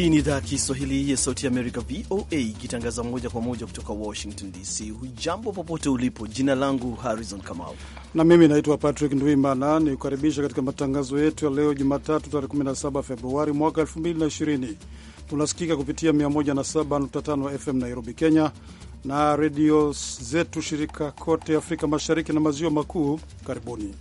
Hii ni idhaa ya Kiswahili ya Sauti Amerika, VOA, ikitangaza moja kwa moja kutoka Washington DC. Hujambo popote ulipo, jina langu Harrison Kamau na mimi naitwa Patrick Ndwimana, ni kukaribisha katika matangazo yetu ya leo Jumatatu tarehe 17 Februari mwaka 2020. Tunasikika kupitia 107.5 FM Nairobi, Kenya, na redio zetu shirika kote Afrika Mashariki na Maziwa Makuu. Karibuni.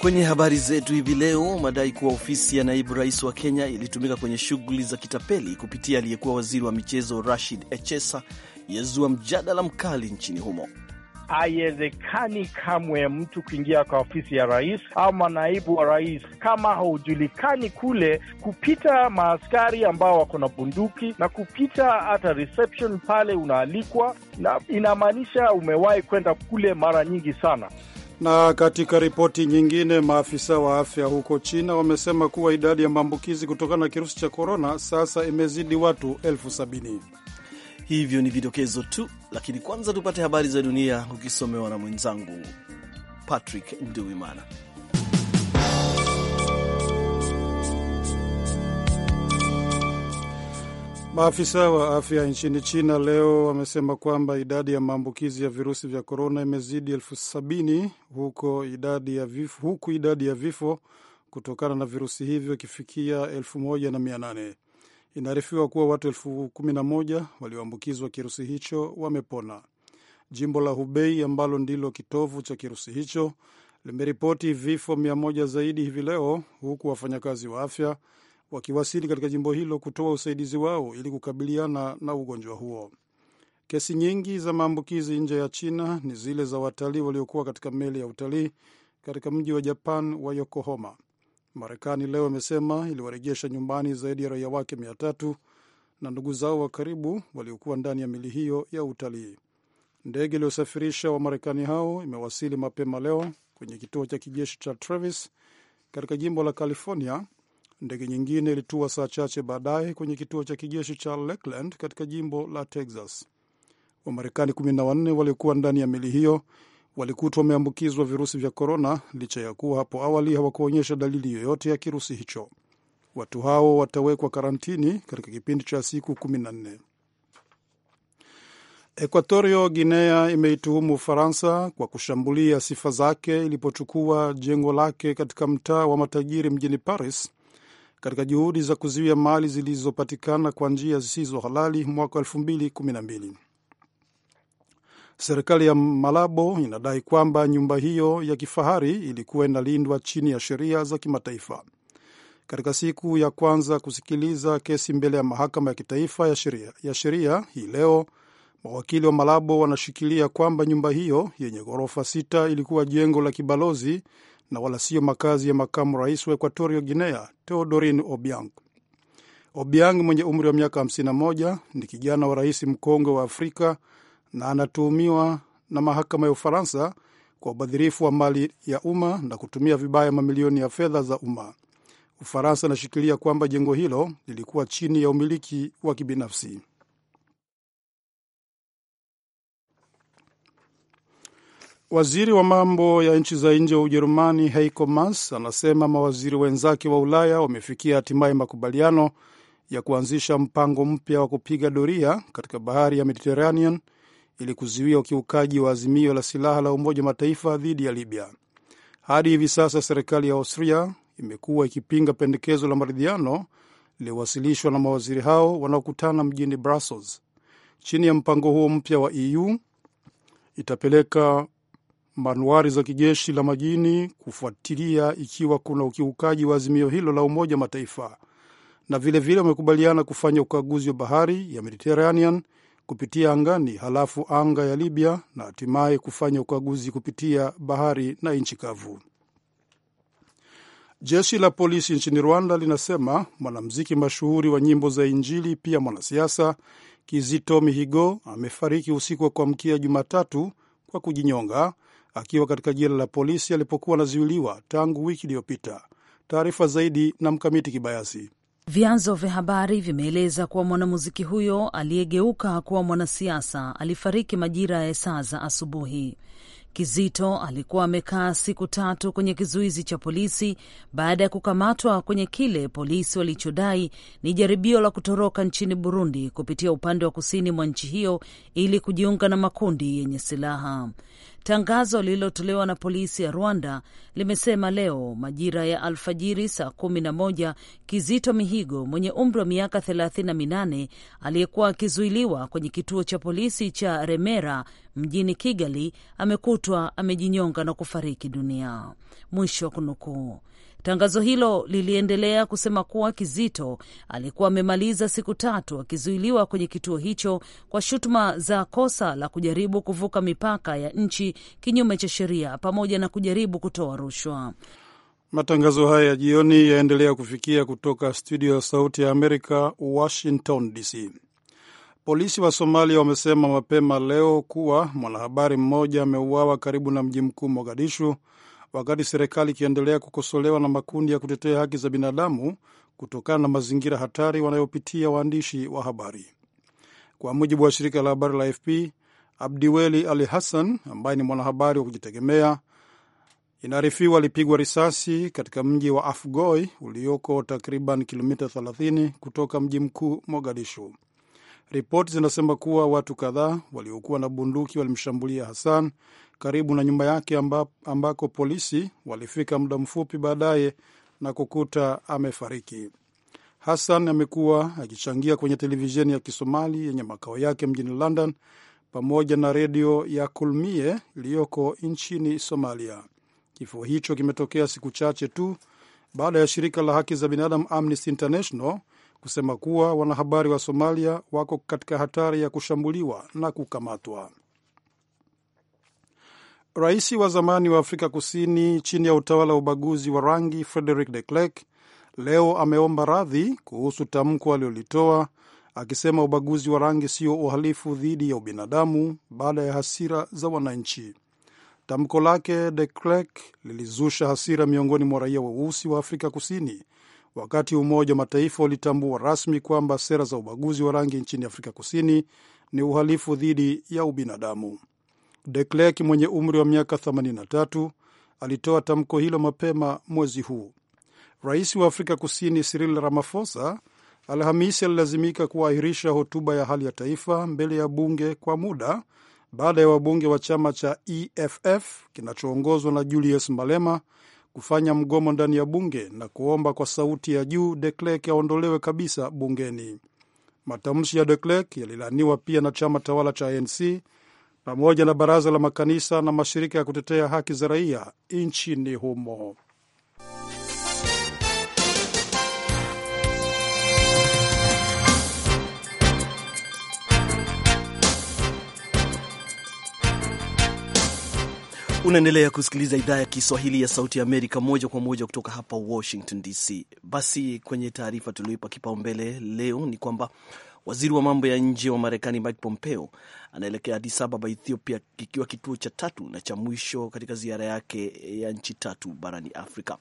Kwenye habari zetu hivi leo, madai kuwa ofisi ya naibu rais wa Kenya ilitumika kwenye shughuli za kitapeli kupitia aliyekuwa waziri wa michezo Rashid Echesa yazua mjadala mkali nchini humo. Haiwezekani kamwe mtu kuingia kwa ofisi ya rais ama naibu wa rais kama haujulikani kule, kupita maaskari ambao wako na bunduki na kupita hata reception pale unaalikwa, na inamaanisha umewahi kwenda kule mara nyingi sana. Na katika ripoti nyingine, maafisa wa afya huko China wamesema kuwa idadi ya maambukizi kutokana na kirusi cha korona sasa imezidi watu elfu sabini. Hivyo ni vidokezo tu, lakini kwanza tupate habari za dunia ukisomewa na mwenzangu Patrick Nduwimana. Maafisa wa afya nchini China leo wamesema kwamba idadi ya maambukizi ya virusi vya korona imezidi elfu sabini huku idadi ya vifo, huku idadi ya vifo kutokana na virusi hivyo ikifikia elfu moja na mia nane. Inaarifiwa kuwa watu elfu kumi na moja walioambukizwa kirusi hicho wamepona. Jimbo la Hubei ambalo ndilo kitovu cha kirusi hicho limeripoti vifo mia moja zaidi hivi leo, huku wafanyakazi wa afya wakiwasili katika jimbo hilo kutoa usaidizi wao ili kukabiliana na ugonjwa huo. Kesi nyingi za maambukizi nje ya China ni zile za watalii waliokuwa katika meli ya utalii katika mji wa Japan wa Yokohama. Marekani leo imesema iliwarejesha nyumbani zaidi ya raia wake mia tatu na ndugu zao wa karibu waliokuwa ndani ya meli hiyo ya utalii. Ndege iliyosafirisha Wamarekani hao imewasili mapema leo kwenye kituo cha kijeshi cha Travis katika jimbo la California Ndege nyingine ilitua saa chache baadaye kwenye kituo cha kijeshi cha Lakeland katika jimbo la Texas. Wamarekani 14 waliokuwa ndani ya meli hiyo walikutwa wameambukizwa virusi vya korona, licha ya kuwa hapo awali hawakuonyesha dalili yoyote ya kirusi hicho. Watu hao watawekwa karantini katika kipindi cha siku 14. Ekuatorio Guinea imeituhumu Ufaransa kwa kushambulia sifa zake ilipochukua jengo lake katika mtaa wa matajiri mjini Paris katika juhudi za kuzuia mali zilizopatikana kwa njia zisizo halali mwaka 2012. Serikali ya Malabo inadai kwamba nyumba hiyo ya kifahari ilikuwa inalindwa chini ya sheria za kimataifa. Katika siku ya kwanza kusikiliza kesi mbele ya mahakama ya kitaifa ya sheria ya sheria hii leo, mawakili wa Malabo wanashikilia kwamba nyumba hiyo yenye ghorofa sita ilikuwa jengo la kibalozi na wala siyo makazi ya makamu rais wa Ekuatorio Guinea, Teodorin Obiang. Obiang mwenye umri wa miaka 51 ni kijana wa rais mkongwe wa Afrika na anatuhumiwa na mahakama ya Ufaransa kwa ubadhirifu wa mali ya umma na kutumia vibaya mamilioni ya fedha za umma. Ufaransa inashikilia kwamba jengo hilo lilikuwa chini ya umiliki wa kibinafsi. Waziri wa mambo ya nchi za nje wa Ujerumani Heiko Maas anasema mawaziri wenzake wa Ulaya wamefikia hatimaye makubaliano ya kuanzisha mpango mpya wa kupiga doria katika bahari ya Mediterranean ili kuzuia ukiukaji wa azimio la silaha la Umoja wa Mataifa dhidi ya Libya. Hadi hivi sasa serikali ya Austria imekuwa ikipinga pendekezo la maridhiano liliowasilishwa na mawaziri hao wanaokutana mjini Brussels. Chini ya mpango huo mpya wa EU itapeleka manuari za kijeshi la majini kufuatilia ikiwa kuna ukiukaji wa azimio hilo la Umoja Mataifa, na vilevile wamekubaliana vile kufanya ukaguzi wa bahari ya Mediterranean kupitia angani, halafu anga ya Libya na hatimaye kufanya ukaguzi kupitia bahari na nchi kavu. Jeshi la polisi nchini Rwanda linasema mwanamuziki mashuhuri wa nyimbo za Injili pia mwanasiasa Kizito Mihigo amefariki usiku wa kuamkia Jumatatu kwa kujinyonga akiwa katika jela la polisi alipokuwa anazuiliwa tangu wiki iliyopita. Taarifa zaidi na Mkamiti Kibayasi. Vyanzo vya habari vimeeleza kuwa mwanamuziki huyo aliyegeuka kuwa mwanasiasa alifariki majira ya saa za asubuhi. Kizito alikuwa amekaa siku tatu kwenye kizuizi cha polisi baada ya kukamatwa kwenye kile polisi walichodai ni jaribio la kutoroka nchini Burundi kupitia upande wa kusini mwa nchi hiyo ili kujiunga na makundi yenye silaha. Tangazo lililotolewa na polisi ya Rwanda limesema leo majira ya alfajiri saa kumi na moja Kizito Mihigo mwenye umri wa miaka thelathini na minane aliyekuwa akizuiliwa kwenye kituo cha polisi cha Remera mjini Kigali amekutwa amejinyonga na kufariki dunia. Mwisho wa kunukuu. Tangazo hilo liliendelea kusema kuwa Kizito alikuwa amemaliza siku tatu akizuiliwa kwenye kituo hicho kwa shutuma za kosa la kujaribu kuvuka mipaka ya nchi kinyume cha sheria pamoja na kujaribu kutoa rushwa. Matangazo haya ya jioni yaendelea kufikia kutoka studio ya Sauti ya Amerika, Washington DC. Polisi wa Somalia wamesema mapema leo kuwa mwanahabari mmoja ameuawa karibu na mji mkuu Mogadishu wakati serikali ikiendelea kukosolewa na makundi ya kutetea haki za binadamu kutokana na mazingira hatari wanayopitia waandishi wa habari. Kwa mujibu wa shirika la habari la fp Abdiweli Ali Hassan ambaye ni mwanahabari wa kujitegemea inaarifiwa alipigwa risasi katika mji wa afgoi ulioko takriban kilomita 30 kutoka mji mkuu Mogadishu. Ripoti zinasema kuwa watu kadhaa waliokuwa na bunduki walimshambulia Hassan karibu na nyumba yake amba, ambako polisi walifika muda mfupi baadaye na kukuta amefariki. Hassan amekuwa akichangia kwenye televisheni ya Kisomali yenye makao yake mjini London pamoja na redio ya Kulmie iliyoko nchini Somalia. Kifo hicho kimetokea siku chache tu baada ya shirika la haki za binadamu Amnesty International kusema kuwa wanahabari wa Somalia wako katika hatari ya kushambuliwa na kukamatwa. Rais wa zamani wa Afrika Kusini chini ya utawala wa ubaguzi wa rangi Frederick de Klerk leo ameomba radhi kuhusu tamko aliyolitoa akisema ubaguzi wa rangi sio uhalifu dhidi ya ubinadamu, baada ya hasira za wananchi. Tamko lake de Klerk lilizusha hasira miongoni mwa raia weusi wa Afrika Kusini wakati Umoja wa Mataifa ulitambua rasmi kwamba sera za ubaguzi wa rangi nchini Afrika Kusini ni uhalifu dhidi ya ubinadamu. De Klerk mwenye umri wa miaka 83 alitoa tamko hilo mapema mwezi huu. Rais wa Afrika Kusini Cyril Ramaphosa Alhamisi alilazimika kuahirisha hotuba ya hali ya taifa mbele ya bunge kwa muda baada ya wabunge wa chama cha EFF kinachoongozwa na Julius Malema kufanya mgomo ndani ya bunge na kuomba kwa sauti ya juu de Klerk aondolewe kabisa bungeni. Matamshi ya de Klerk yalilaaniwa pia na chama tawala cha ANC pamoja na baraza la makanisa na mashirika ya kutetea haki za raia nchini humo. Unaendelea kusikiliza idhaa ya Kiswahili ya Sauti ya Amerika moja kwa moja kutoka hapa Washington DC. Basi kwenye taarifa tulioipa kipaumbele leo ni kwamba Waziri wa mambo ya nje wa Marekani Mike Pompeo anaelekea Addis Ababa, Ethiopia, kikiwa kituo cha tatu na cha mwisho katika ziara yake ya nchi tatu barani Afrika.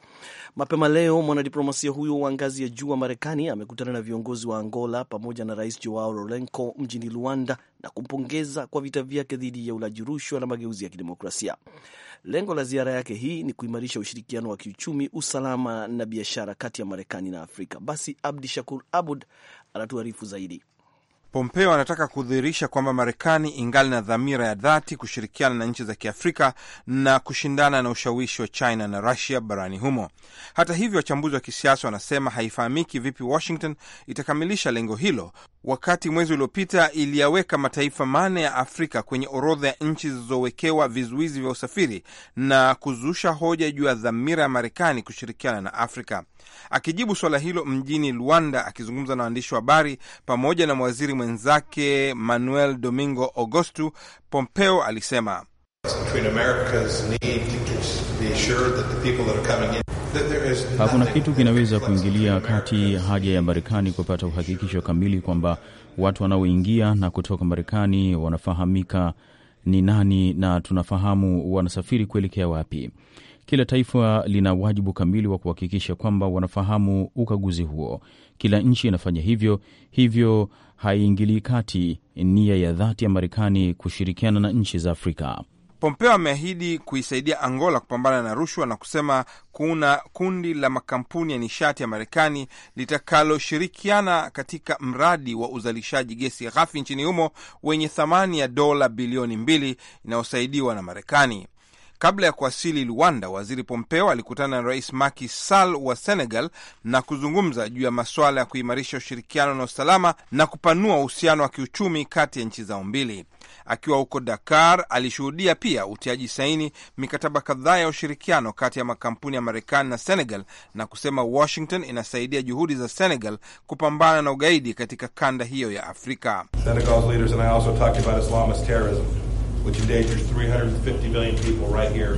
Mapema leo mwanadiplomasia huyo wa ngazi ya juu wa Marekani amekutana na viongozi wa Angola pamoja na Rais Joao Lourenco mjini Luanda na kumpongeza kwa vita vyake dhidi ya ulaji rushwa na mageuzi ya kidemokrasia. Lengo la ziara yake hii ni kuimarisha ushirikiano wa kiuchumi, usalama na biashara kati ya Marekani na Afrika. Basi Abdi Shakur Abud anatuarifu zaidi. Pompeo anataka kudhihirisha kwamba Marekani ingali na dhamira ya dhati kushirikiana na nchi za Kiafrika na kushindana na ushawishi wa China na Rusia barani humo. Hata hivyo, wachambuzi wa kisiasa wanasema haifahamiki vipi Washington itakamilisha lengo hilo wakati mwezi uliopita iliyaweka mataifa mane ya Afrika kwenye orodha ya nchi zilizowekewa vizuizi vya usafiri na kuzusha hoja juu ya dhamira ya Marekani kushirikiana na Afrika. Akijibu suala hilo mjini Luanda, akizungumza na waandishi wa habari pamoja na waziri mwenzake Manuel Domingo augostu Pompeo alisema Hakuna kitu kinaweza kuingilia kati haja ya Marekani kupata uhakikisho kamili kwamba watu wanaoingia na kutoka Marekani wanafahamika ni nani na tunafahamu wanasafiri kuelekea wapi. Kila taifa lina wajibu kamili wa kuhakikisha kwamba wanafahamu ukaguzi huo. Kila nchi inafanya hivyo, hivyo haiingilii kati nia ya dhati ya Marekani kushirikiana na nchi za Afrika. Pompeo ameahidi kuisaidia Angola kupambana na rushwa na kusema kuna kundi la makampuni ya nishati ya Marekani litakaloshirikiana katika mradi wa uzalishaji gesi ghafi nchini humo wenye thamani ya dola bilioni mbili inayosaidiwa na Marekani. Kabla ya kuwasili Luanda, waziri Pompeo alikutana na rais Macky Sall wa Senegal na kuzungumza juu ya masuala ya kuimarisha ushirikiano na usalama na kupanua uhusiano wa kiuchumi kati ya nchi zao mbili. Akiwa huko Dakar, alishuhudia pia utiaji saini mikataba kadhaa ya ushirikiano kati ya makampuni ya Marekani na Senegal na kusema Washington inasaidia juhudi za Senegal kupambana na ugaidi katika kanda hiyo ya Afrika.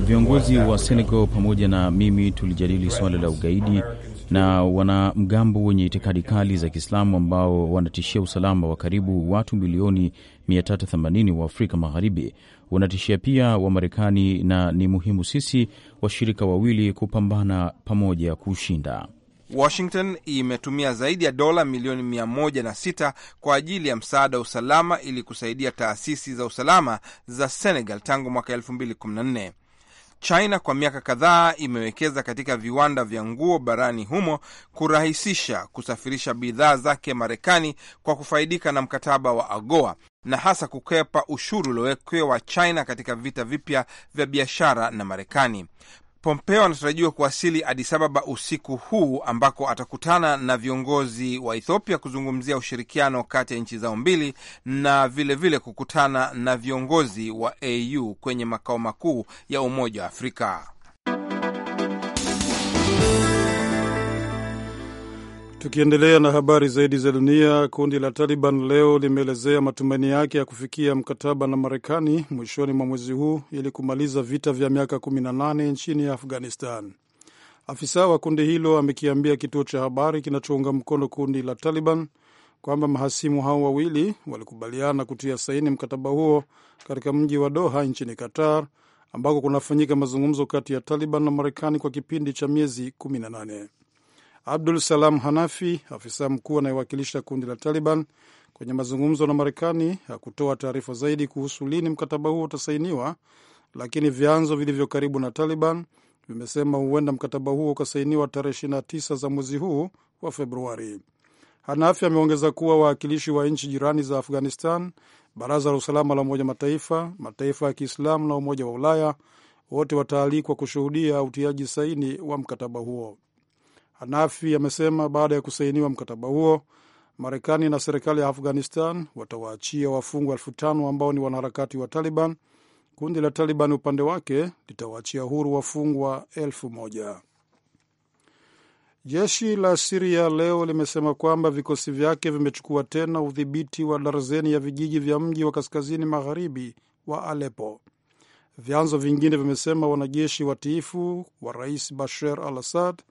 Viongozi wa Senegal pamoja na mimi tulijadili suala la ugaidi na wanamgambo wenye itikadi kali za Kiislamu ambao wanatishia usalama wa karibu watu milioni 380 wa Afrika Magharibi, wanatishia pia Wamarekani, na ni muhimu sisi washirika wawili kupambana pamoja kushinda Washington imetumia zaidi ya dola milioni 16 kwa ajili ya msaada wa usalama ili kusaidia taasisi za usalama za Senegal tangu mwaka 2014. China kwa miaka kadhaa imewekeza katika viwanda vya nguo barani humo kurahisisha kusafirisha bidhaa zake Marekani kwa kufaidika na mkataba wa AGOA na hasa kukwepa ushuru uliowekewa China katika vita vipya vya biashara na Marekani. Pompeo anatarajiwa kuwasili Addis Ababa usiku huu ambako atakutana na viongozi wa Ethiopia kuzungumzia ushirikiano kati ya nchi zao mbili na vilevile vile kukutana na viongozi wa AU kwenye makao makuu ya Umoja wa Afrika. Tukiendelea na habari zaidi za dunia, kundi la Taliban leo limeelezea matumaini yake ya kufikia mkataba na Marekani mwishoni mwa mwezi huu ili kumaliza vita vya miaka 18 nchini Afghanistan. Afisa wa kundi hilo amekiambia kituo cha habari kinachounga mkono kundi la Taliban kwamba mahasimu hao wawili walikubaliana kutia saini mkataba huo katika mji wa Doha nchini Qatar, ambako kunafanyika mazungumzo kati ya Taliban na Marekani kwa kipindi cha miezi 18. Abdul Salam Hanafi, afisa mkuu anayewakilisha kundi la Taliban kwenye mazungumzo na Marekani, hakutoa taarifa zaidi kuhusu lini mkataba huo utasainiwa, lakini vyanzo vilivyo karibu na Taliban vimesema huenda mkataba huo ukasainiwa tarehe 29 za mwezi huu wa Februari. Hanafi ameongeza kuwa wawakilishi wa nchi jirani za Afghanistan, Baraza la Usalama la Umoja Mataifa, mataifa ya Kiislamu na Umoja wa Ulaya wote wataalikwa kushuhudia utiaji saini wa mkataba huo. Hanafi amesema baada ya kusainiwa mkataba huo Marekani na serikali ya Afghanistan watawaachia wafungwa elfu tano ambao ni wanaharakati wa Taliban. Kundi la Taliban upande wake litawaachia huru wafungwa elfu moja. Jeshi la Siria leo limesema kwamba vikosi vyake vimechukua tena udhibiti wa darzeni ya vijiji vya mji wa kaskazini magharibi wa Alepo. Vyanzo vingine vimesema wanajeshi watiifu wa rais Bashar al Assad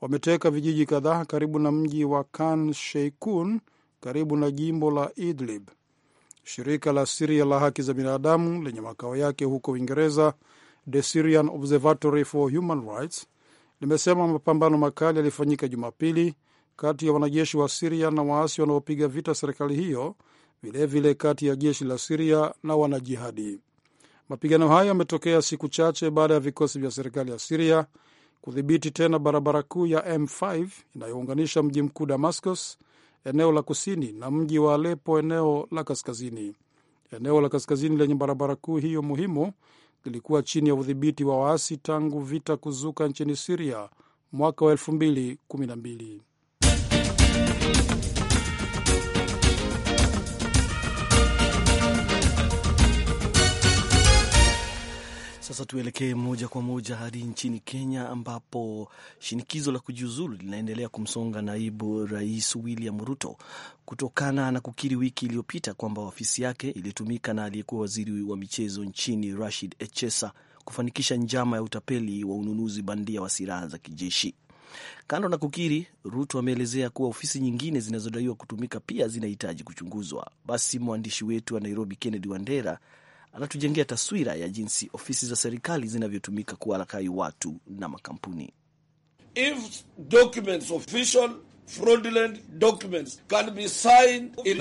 wameteka vijiji kadhaa karibu na mji wa Khan Sheikhoun karibu na jimbo la Idlib. Shirika la Siria la haki za binadamu lenye makao yake huko Uingereza, The Syrian Observatory for Human Rights, limesema mapambano makali yalifanyika Jumapili kati ya wanajeshi wa Siria na waasi wanaopiga vita serikali hiyo, vilevile kati ya jeshi la Siria na wanajihadi. Mapigano hayo yametokea siku chache baada ya vikosi vya serikali ya Siria kudhibiti tena barabara kuu ya M5 inayounganisha mji mkuu Damascus, eneo la kusini, na mji wa Alepo, eneo la kaskazini. Eneo la kaskazini lenye barabara kuu hiyo muhimu lilikuwa chini ya udhibiti wa waasi tangu vita kuzuka nchini Siria mwaka wa 2012. Sasa tuelekee moja kwa moja hadi nchini Kenya ambapo shinikizo la kujiuzulu linaendelea kumsonga naibu rais William Ruto kutokana na kukiri wiki iliyopita kwamba ofisi yake ilitumika na aliyekuwa waziri wa michezo nchini Rashid Echesa kufanikisha njama ya utapeli wa ununuzi bandia wa silaha za kijeshi. Kando na kukiri, Ruto ameelezea kuwa ofisi nyingine zinazodaiwa kutumika pia zinahitaji kuchunguzwa. Basi mwandishi wetu wa Nairobi, Kennedy Wandera anatujengea taswira ya jinsi ofisi za serikali zinavyotumika kuwalakai watu na makampuni. If documents official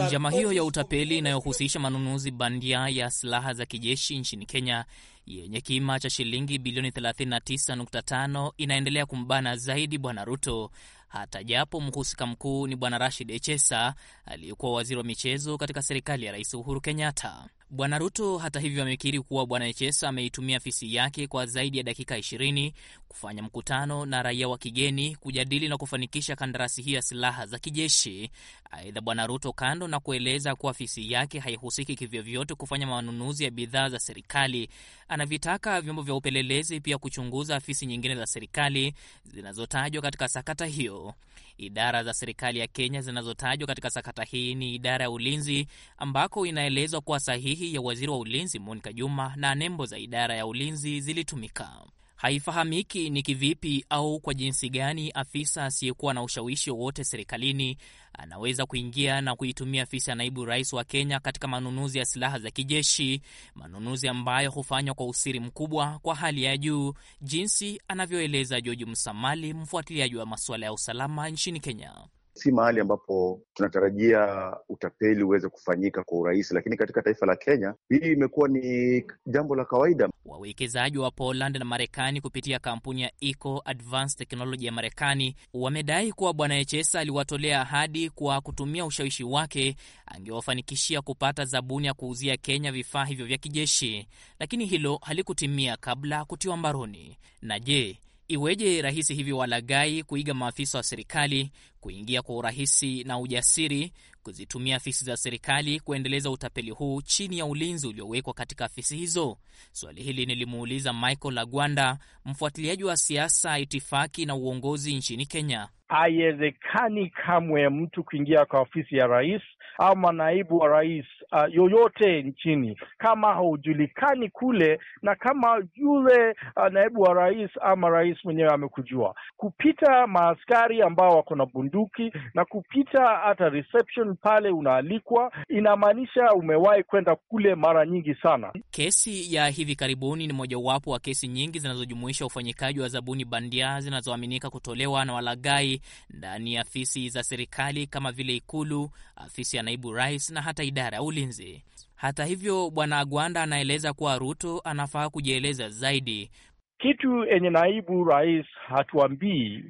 Njama hiyo ya utapeli inayohusisha manunuzi bandia ya silaha za kijeshi nchini Kenya yenye kima cha shilingi bilioni 39.5 inaendelea kumbana zaidi Bwana Ruto, hata japo mhusika mkuu ni Bwana Rashid Echesa aliyekuwa waziri wa michezo katika serikali ya Rais Uhuru Kenyatta. Bwana Ruto hata hivyo amekiri kuwa Bwana Echesa ameitumia afisi yake kwa zaidi ya dakika 20 kufanya mkutano na raia wa kigeni kujadili na kufanikisha kandarasi hiyo ya silaha za kijeshi. Aidha, Bwana Ruto kando na kueleza kuwa afisi yake haihusiki kivyovyote kufanya manunuzi ya bidhaa za serikali, anavitaka vyombo vya upelelezi pia kuchunguza afisi nyingine za serikali zinazotajwa katika sakata hiyo. Idara za serikali ya Kenya zinazotajwa katika sakata hii ni idara ya ulinzi, ambako inaelezwa kuwa sahihi sahihi ya waziri wa ulinzi Monica Juma na nembo za idara ya ulinzi zilitumika. Haifahamiki ni kivipi au kwa jinsi gani afisa asiyekuwa na ushawishi wowote serikalini anaweza kuingia na kuitumia afisa ya naibu rais wa Kenya katika manunuzi ya silaha za kijeshi, manunuzi ambayo hufanywa kwa usiri mkubwa kwa hali ya juu, jinsi anavyoeleza George Msamali, mfuatiliaji wa masuala ya usalama nchini Kenya si mahali ambapo tunatarajia utapeli uweze kufanyika kwa urahisi, lakini katika taifa la Kenya hii imekuwa ni jambo la kawaida. Wawekezaji wa Poland na Marekani kupitia kampuni ya Eco Advanced Technology ya Marekani wamedai kuwa Bwana Echesa aliwatolea ahadi kwa kutumia ushawishi wake angewafanikishia kupata zabuni ya kuuzia Kenya vifaa hivyo vya kijeshi, lakini hilo halikutimia kabla kutiwa mbaroni. Na je, Iweje rahisi hivi walagai kuiga maafisa wa serikali kuingia kwa urahisi na ujasiri kuzitumia afisi za serikali kuendeleza utapeli huu chini ya ulinzi uliowekwa katika afisi hizo? Swali hili nilimuuliza Michael Lagwanda, mfuatiliaji wa siasa, itifaki na uongozi nchini Kenya. Haiwezekani kamwe mtu kuingia kwa ofisi ya rais ama naibu wa rais uh, yoyote nchini kama haujulikani kule na kama yule uh, naibu wa rais ama rais mwenyewe amekujua. Kupita maaskari ambao wako na bunduki na kupita hata reception pale unaalikwa, inamaanisha umewahi kwenda kule mara nyingi sana. Kesi ya hivi karibuni ni mojawapo wa kesi nyingi zinazojumuisha ufanyikaji wa zabuni bandia zinazoaminika kutolewa na walagai ndani ya afisi za serikali kama vile Ikulu, afisi ya naibu rais na hata idara ya ulinzi. Hata hivyo, bwana Gwanda anaeleza kuwa Ruto anafaa kujieleza zaidi. Kitu yenye naibu rais hatuambii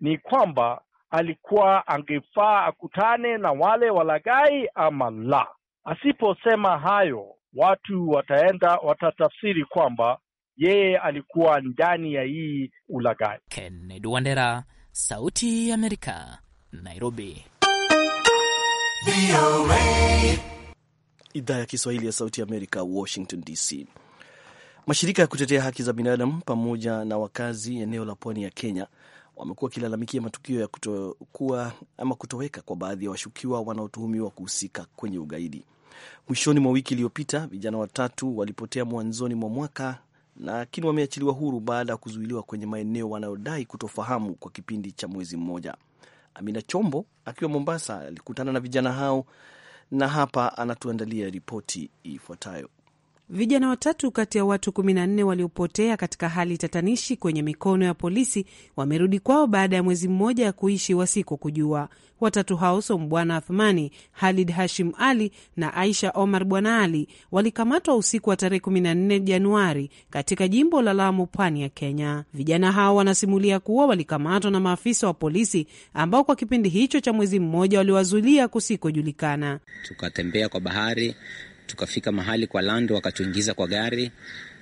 ni kwamba alikuwa angefaa akutane na wale walagai ama la. Asiposema hayo, watu wataenda watatafsiri kwamba yeye alikuwa ndani ya hii ulagai Kennedy Wandera, Sauti ya Amerika, Nairobi. Idhaa ya Kiswahili ya Sauti Amerika, Washington DC. Mashirika ya kutetea haki za binadamu pamoja na wakazi eneo la pwani ya Kenya wamekuwa wakilalamikia matukio ya kutokuwa ama kutoweka kwa baadhi ya washukiwa wanaotuhumiwa kuhusika kwenye ugaidi. Mwishoni mwa wiki iliyopita, vijana watatu walipotea mwanzoni mwa mwaka, lakini wameachiliwa huru baada ya kuzuiliwa kwenye maeneo wanayodai kutofahamu kwa kipindi cha mwezi mmoja. Amina Chombo akiwa Mombasa alikutana na vijana hao na hapa anatuandalia ripoti ifuatayo. Vijana watatu kati ya watu 14 waliopotea katika hali tatanishi kwenye mikono ya polisi wamerudi kwao baada ya mwezi mmoja ya kuishi wasiko kujua. Watatu hao Sombwana Athmani, Halid Hashim Ali na Aisha Omar Bwana Ali walikamatwa usiku wa tarehe 14 Januari katika jimbo la Lamu, pwani ya Kenya. Vijana hao wanasimulia kuwa walikamatwa na maafisa wa polisi ambao kwa kipindi hicho cha mwezi mmoja waliwazuilia kusikojulikana. Tukatembea kwa bahari tukafika mahali kwa land, wakatuingiza kwa gari,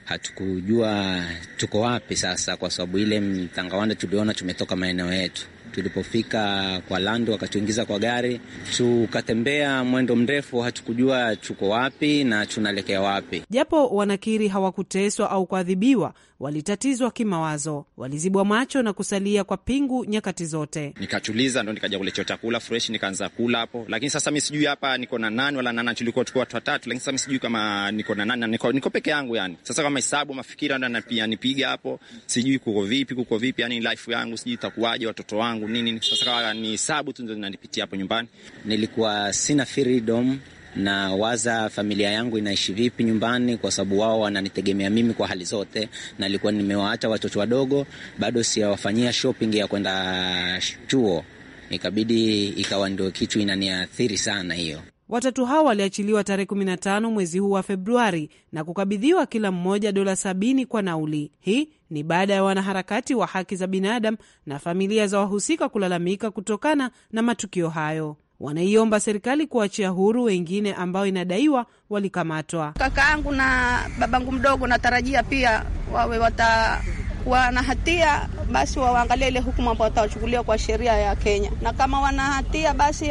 hatukujua tuko wapi sasa, kwa sababu ile mtangawanda tuliona tumetoka maeneo yetu. Tulipofika kwa land, wakatuingiza kwa gari, tukatembea mwendo mrefu, hatukujua tuko wapi na tunaelekea wapi. Japo wanakiri hawakuteswa au kuadhibiwa walitatizwa kimawazo, walizibwa macho na kusalia kwa pingu nyakati zote. Nikachuliza, ndo nikaja kule kuletewa chakula fresh, nikaanza kula hapo, lakini sasa mi sijui hapa niko na nani wala nana, tulikuwa tukiwa watu watatu, lakini sasa mi sijui kama niko na nani, niko, niko peke yangu yani. Sasa kama hesabu mafikira ndo ananipiga hapo, sijui kuko vipi, kuko vipi yani life yangu sijui itakuwaje, watoto wangu nini. Sasa kama ni hesabu tu ndo zinanipitia hapo nyumbani, nilikuwa sina freedom na waza familia yangu inaishi vipi nyumbani, kwa sababu wao wananitegemea mimi kwa hali zote, na nilikuwa nimewaacha watoto wadogo, bado siwafanyia shopping ya kwenda chuo, ikabidi ikawa ndio kitu inaniathiri sana hiyo. Watatu hao waliachiliwa tarehe 15 mwezi huu wa Februari na kukabidhiwa kila mmoja dola sabini kwa nauli. Hii ni baada ya wanaharakati wa haki za binadamu na familia za wahusika kulalamika kutokana na matukio hayo wanaiomba serikali kuachia huru wengine ambao inadaiwa walikamatwa. kaka yangu na babangu mdogo natarajia pia wawe watakuwa na hatia basi waangalie ile hukumu ambao watawachukulia kwa sheria ya Kenya, na kama wana hatia basi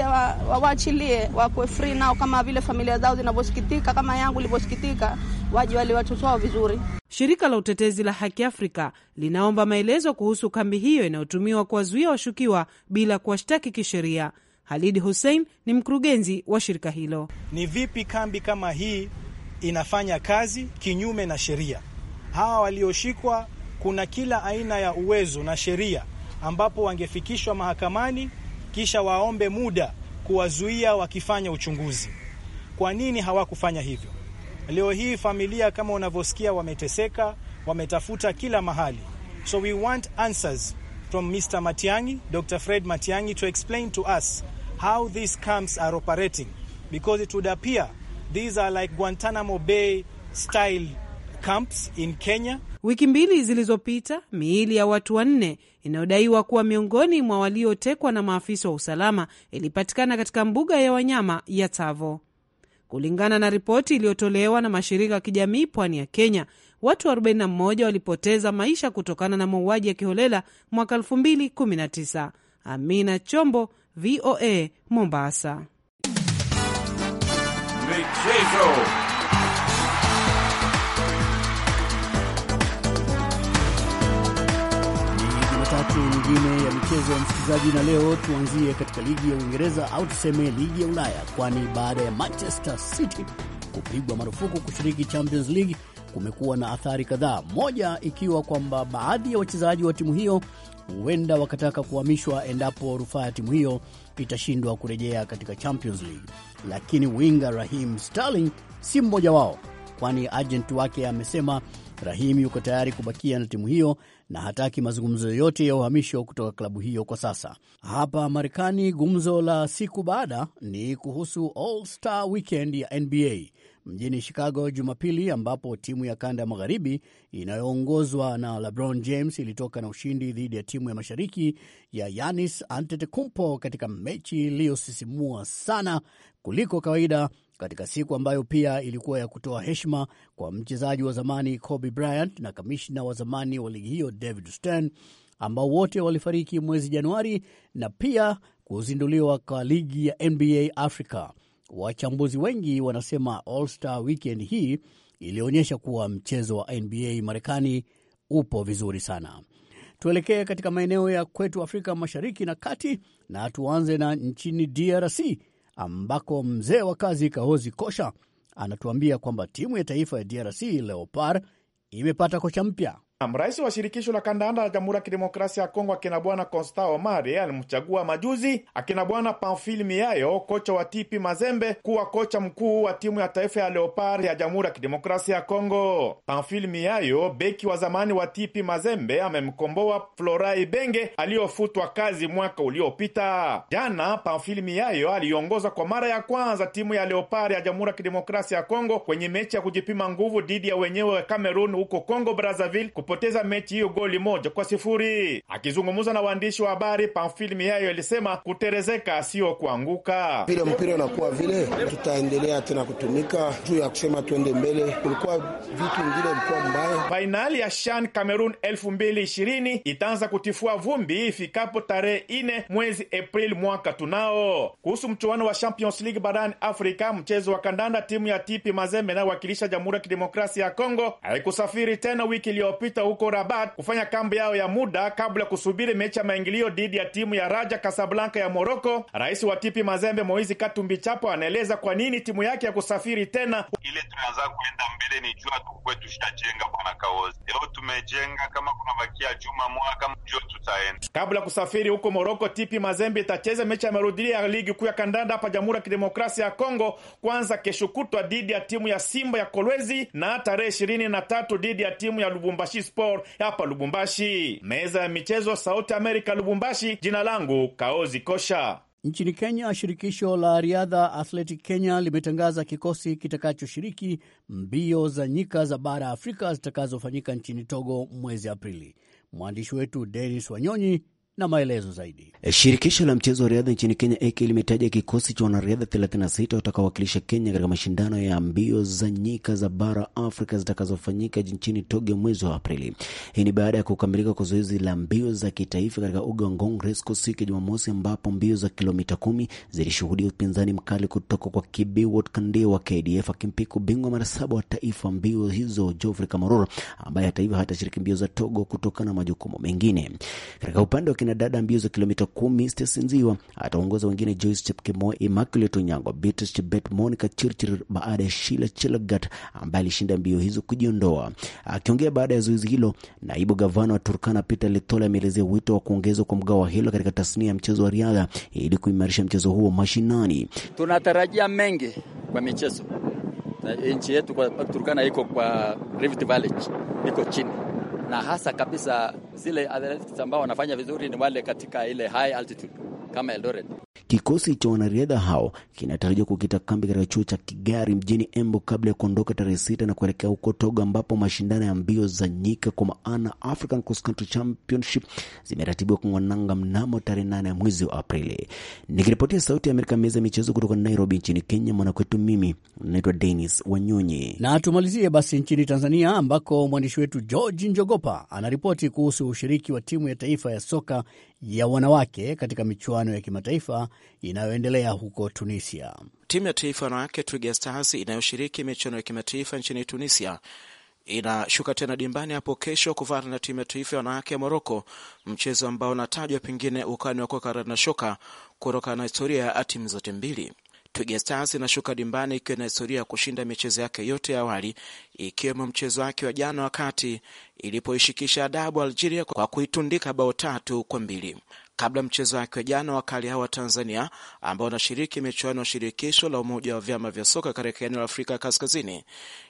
wawaachilie wakwe free nao, kama vile familia zao zinavyosikitika, kama yangu ilivyosikitika, waje wale watoto wao vizuri. Shirika la utetezi la Haki Afrika linaomba maelezo kuhusu kambi hiyo inayotumiwa kuwazuia washukiwa bila kuwashtaki kisheria. Halid Hussein ni mkurugenzi wa shirika hilo. Ni vipi kambi kama hii inafanya kazi kinyume na sheria? Hawa walioshikwa, kuna kila aina ya uwezo na sheria ambapo wangefikishwa mahakamani kisha waombe muda kuwazuia wakifanya uchunguzi. Kwa nini hawakufanya hivyo? Leo hii familia kama unavyosikia wameteseka, wametafuta kila mahali. So we want answers from Mr. Matiangi, Dr. Fred Matiangi to explain to us how these camps are operating because it would appear these are like Guantanamo Bay style camps in Kenya. Wiki mbili zilizopita miili ya watu wanne inayodaiwa kuwa miongoni mwa waliotekwa na maafisa wa usalama ilipatikana katika mbuga ya wanyama ya Tsavo. Kulingana na ripoti iliyotolewa na mashirika ya kijamii pwani ya Kenya, watu 41 walipoteza maisha kutokana na mauaji ya kiholela mwaka 2019. Amina Chombo VOA Mombasa. Michezo. Jumatatu nyingine ya michezo ya msikilizaji, na leo tuanzie katika ligi ya Uingereza au tuseme ligi ya Ulaya, kwani baada ya Manchester City kupigwa marufuku kushiriki Champions League kumekuwa na athari kadhaa, moja ikiwa kwamba baadhi ya wachezaji wa timu hiyo huenda wakataka kuhamishwa endapo rufaa ya timu hiyo itashindwa kurejea katika Champions League. Lakini winga Raheem Sterling si mmoja wao, kwani ajenti wake amesema Rahim yuko tayari kubakia na timu hiyo na hataki mazungumzo yoyote ya uhamisho kutoka klabu hiyo kwa sasa. Hapa Marekani, gumzo la siku baada ni kuhusu All Star Weekend ya NBA mjini Chicago Jumapili, ambapo timu ya kanda ya magharibi inayoongozwa na LeBron James ilitoka na ushindi dhidi ya timu ya mashariki ya Yanis Antetokounmpo katika mechi iliyosisimua sana kuliko kawaida katika siku ambayo pia ilikuwa ya kutoa heshima kwa mchezaji wa zamani Kobe Bryant na kamishna wa zamani wa ligi hiyo David Stern ambao wote walifariki mwezi Januari na pia kuzinduliwa kwa ligi ya NBA Africa. Wachambuzi wengi wanasema All Star Weekend hii ilionyesha kuwa mchezo wa NBA Marekani upo vizuri sana. Tuelekee katika maeneo ya kwetu Afrika Mashariki na Kati, na tuanze na nchini DRC ambako mzee wa kazi Kahozi Kosha anatuambia kwamba timu ya taifa ya DRC Leopard imepata kocha mpya. Rais wa shirikisho la kandanda la Jamhuri ya Kidemokrasia ya Kongo akina bwana Constant Omari alimchagua majuzi akina bwana Pamfili Miayo, kocha wa Tipi Mazembe, kuwa kocha mkuu wa timu ya taifa ya Leopard ya Jamhuri ya Kidemokrasia ya Kongo. Pamfili Miayo, beki wa zamani wa Tipi Mazembe, amemkomboa Florai Benge aliyofutwa kazi mwaka uliopita. Jana Pamfili Miayo aliongoza kwa mara ya kwanza timu ya Leopard ya Jamhuri ya Kidemokrasia ya Kongo kwenye mechi ya kujipima nguvu dhidi ya wenyewe wa Cameroon huko Kongo Brazzaville kupoteza mechi hiyo goli moja kwa sifuri. Akizungumza na waandishi wa habari, Pamfili Mihayo alisema kuterezeka sio kuanguka, vile mpira unakuwa vile, tutaendelea tena kutumika juu ya kusema tuende mbele. Kulikuwa vitu vingine vilikuwa mbaya. Fainali ya CHAN Cameroon ishirini itaanza kutifua vumbi ifikapo tarehe ine mwezi Aprili mwaka tunao. Kuhusu mchuano wa Champions League barani Afrika, mchezo wa kandanda, timu ya TP Mazembe inayowakilisha Jamhuri ya Kidemokrasia ya Kongo haikusafiri tena wiki iliyopita Afrika huko Rabat kufanya kambi yao ya muda kabla ya kusubiri mechi ya maingilio dhidi ya timu ya Raja Kasablanka ya Moroko. Rais wa Tipi Mazembe Moizi Katumbi Chapo anaeleza kwa nini timu yake ya kusafiri tena. Ile tunaanza kuenda mbele ni jua tukwe tushajenga, bwana Kaozi, leo tumejenga, kama kunabakia juma mwaka kama tutaenda. Kabla ya kusafiri huko Moroko, Tipi Mazembe itacheza mechi ya marudilia ya ligi kuu ya kandanda hapa Jamhuri ya Kidemokrasia ya Kongo kwanza kesho kutwa dhidi ya timu ya Simba ya Kolwezi na tarehe ishirini na tatu dhidi ya timu ya Lubumbashi Sport hapa Lubumbashi. Meza ya michezo Sauti america Lubumbashi. Jina langu Kaozi Kosha. Nchini Kenya, shirikisho la riadha Athletic Kenya limetangaza kikosi kitakachoshiriki mbio za nyika za bara ya Afrika zitakazofanyika nchini Togo mwezi Aprili. Mwandishi wetu Denis Wanyonyi na maelezo zaidi. E, shirikisho la mchezo wa riadha nchini Kenya AK limetaja kikosi cha wanariadha 36 watakaowakilisha Kenya katika mashindano ya mbio za nyika za bara Afrika zitakazofanyika nchini Togo mwezi wa Aprili. Hii ni baada ya kukamilika kwa zoezi la mbio za kitaifa katika uga wa Ngong Resco siku ya Jumamosi, ambapo mbio za kilomita kumi zilishuhudia upinzani mkali kutoka kwa Kibiwot wa KDF akimpiku bingwa mara saba wa taifa mbio hizo Geoffrey Kamaroro, ambaye hata hivyo hatashiriki mbio za Togo kutokana na majukumu mengine. Katika upande wa dada mbio za kilomita kumi, stesinziwa Nziwa ataongoza wengine Joyce Chepkemoi, Immaculate Onyango, Beatrice Chebet, Monica Chirchir baada ya Sheila Chelagat ambaye alishinda mbio hizo kujiondoa. Akiongea baada ya zoezi hilo, naibu gavana wa Turkana Peter Letole ameelezea wito wa kuongezwa kwa mgao wa hilo katika tasnia ya mchezo wa riadha ili kuimarisha mchezo huo mashinani. Tunatarajia mengi kwa michezo nchi yetu kwa Turkana iko kwa Rift Valley iko chini na hasa kabisa zile athletics ambao wanafanya vizuri ni wale katika ile high altitude kama Eldoret. Kikosi cha wanariadha hao kinatarajiwa kukita kambi katika chuo cha Kigari mjini Embu kabla ya kuondoka tarehe sita na kuelekea huko Togo ambapo mashindano ya mbio za nyika kwa maana African Cross Country Championship zimeratibiwa kungwananga mnamo tarehe nane ya mwezi wa Aprili. Nikiripotia Sauti ya Amerika meza ya michezo kutoka Nairobi nchini Kenya, mwanakwetu mimi naitwa Denis Wanyonyi. Na tumalizie basi nchini Tanzania ambako mwandishi wetu George Njogopa anaripoti kuhusu ushiriki wa timu ya taifa ya soka ya wanawake katika michuano ya kimataifa inayoendelea huko Tunisia. Timu ya taifa wanawake Twiga Stars inayoshiriki michuano ya kimataifa nchini Tunisia inashuka tena dimbani hapo kesho kuvana na timu ya taifa ya wanawake ya Moroko, mchezo ambao unatajwa pengine ukani wa kuweka rana shoka kutokana na historia ya timu zote mbili. Twiga Stars inashuka dimbani ikiwa na historia ya kushinda michezo yake yote ya awali ikiwemo mchezo wake wa jana wakati ilipoishikisha adabu Algeria kwa kuitundika bao tatu kwa mbili kabla mchezo wake wa jana, wakali hawa Tanzania ambao wanashiriki michuano ya shirikisho la umoja wa vyama vya soka katika eneo la Afrika Kaskazini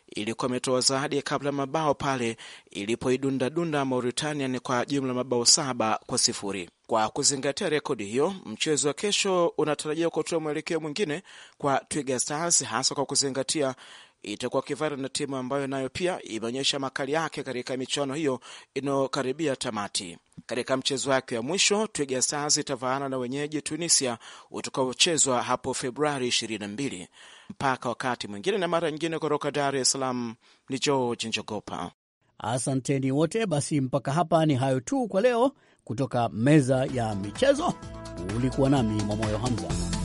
ilikuwa imetoa zawadi kabla mabao pale ilipoidundadunda Mauritania ni kwa jumla mabao saba kwa sifuri. Kwa kuzingatia rekodi hiyo, mchezo wa kesho unatarajiwa kutoa mwelekeo mwingine kwa Twiga Stars, hasa kwa kuzingatia itakuwa kivara na timu ambayo nayo pia imeonyesha makali yake katika michuano hiyo inayokaribia tamati. Katika mchezo wake wa mwisho, Twiga Stars itavaana na wenyeji Tunisia utakaochezwa hapo Februari 22. Mpaka wakati mwingine na mara nyingine, kutoka Dar es Salaam ni George Njogopa. Asanteni wote. Basi mpaka hapa ni hayo tu kwa leo, kutoka meza ya michezo. Ulikuwa nami Mwamoyo Hamza.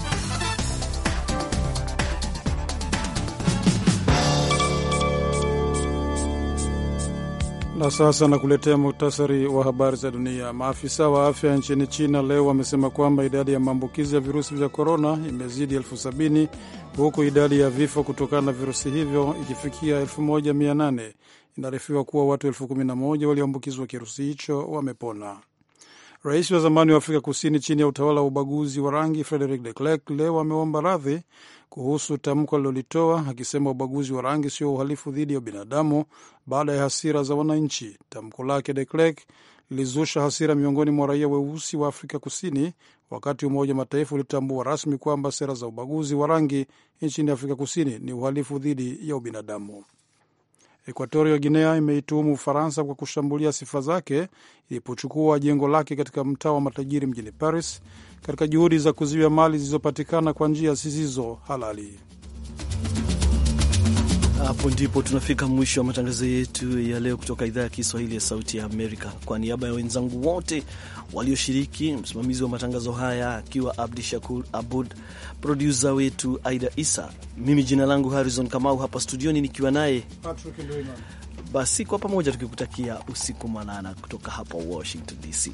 Na sasa nakuletea muktasari wa habari za dunia. Maafisa wa afya nchini China leo wamesema kwamba idadi ya maambukizi ya virusi vya korona imezidi elfu sabini huku idadi ya vifo kutokana na virusi hivyo ikifikia elfu moja mia nane. Inaarifiwa kuwa watu elfu kumi na moja walioambukizwa kirusi hicho wamepona. Rais wa zamani wa Afrika Kusini chini ya utawala wa ubaguzi wa rangi Frederick de Klerk leo ameomba radhi kuhusu tamko alilolitoa akisema ubaguzi wa rangi sio uhalifu dhidi ya binadamu baada ya hasira za wananchi. Tamko lake de Klerk lilizusha hasira miongoni mwa raia weusi wa Afrika Kusini wakati Umoja wa Mataifa ulitambua rasmi kwamba sera za ubaguzi wa rangi nchini Afrika Kusini ni uhalifu dhidi ya ubinadamu. Ekuatorio Guinea imeituhumu Ufaransa kwa kushambulia sifa zake ilipochukua jengo lake katika mtaa wa matajiri mjini Paris katika juhudi za kuzuia mali zilizopatikana kwa njia zisizo halali. Hapo ndipo tunafika mwisho wa matangazo yetu ya leo kutoka idhaa ya Kiswahili ya Sauti ya Amerika. Kwa niaba ya wenzangu wote walioshiriki, msimamizi wa matangazo haya akiwa Abdi Shakur Abud, produsa wetu Aida Isa, mimi jina langu Harrison Kamau hapa studioni nikiwa naye basi, kwa pamoja tukikutakia usiku mwanana kutoka hapa Washington DC.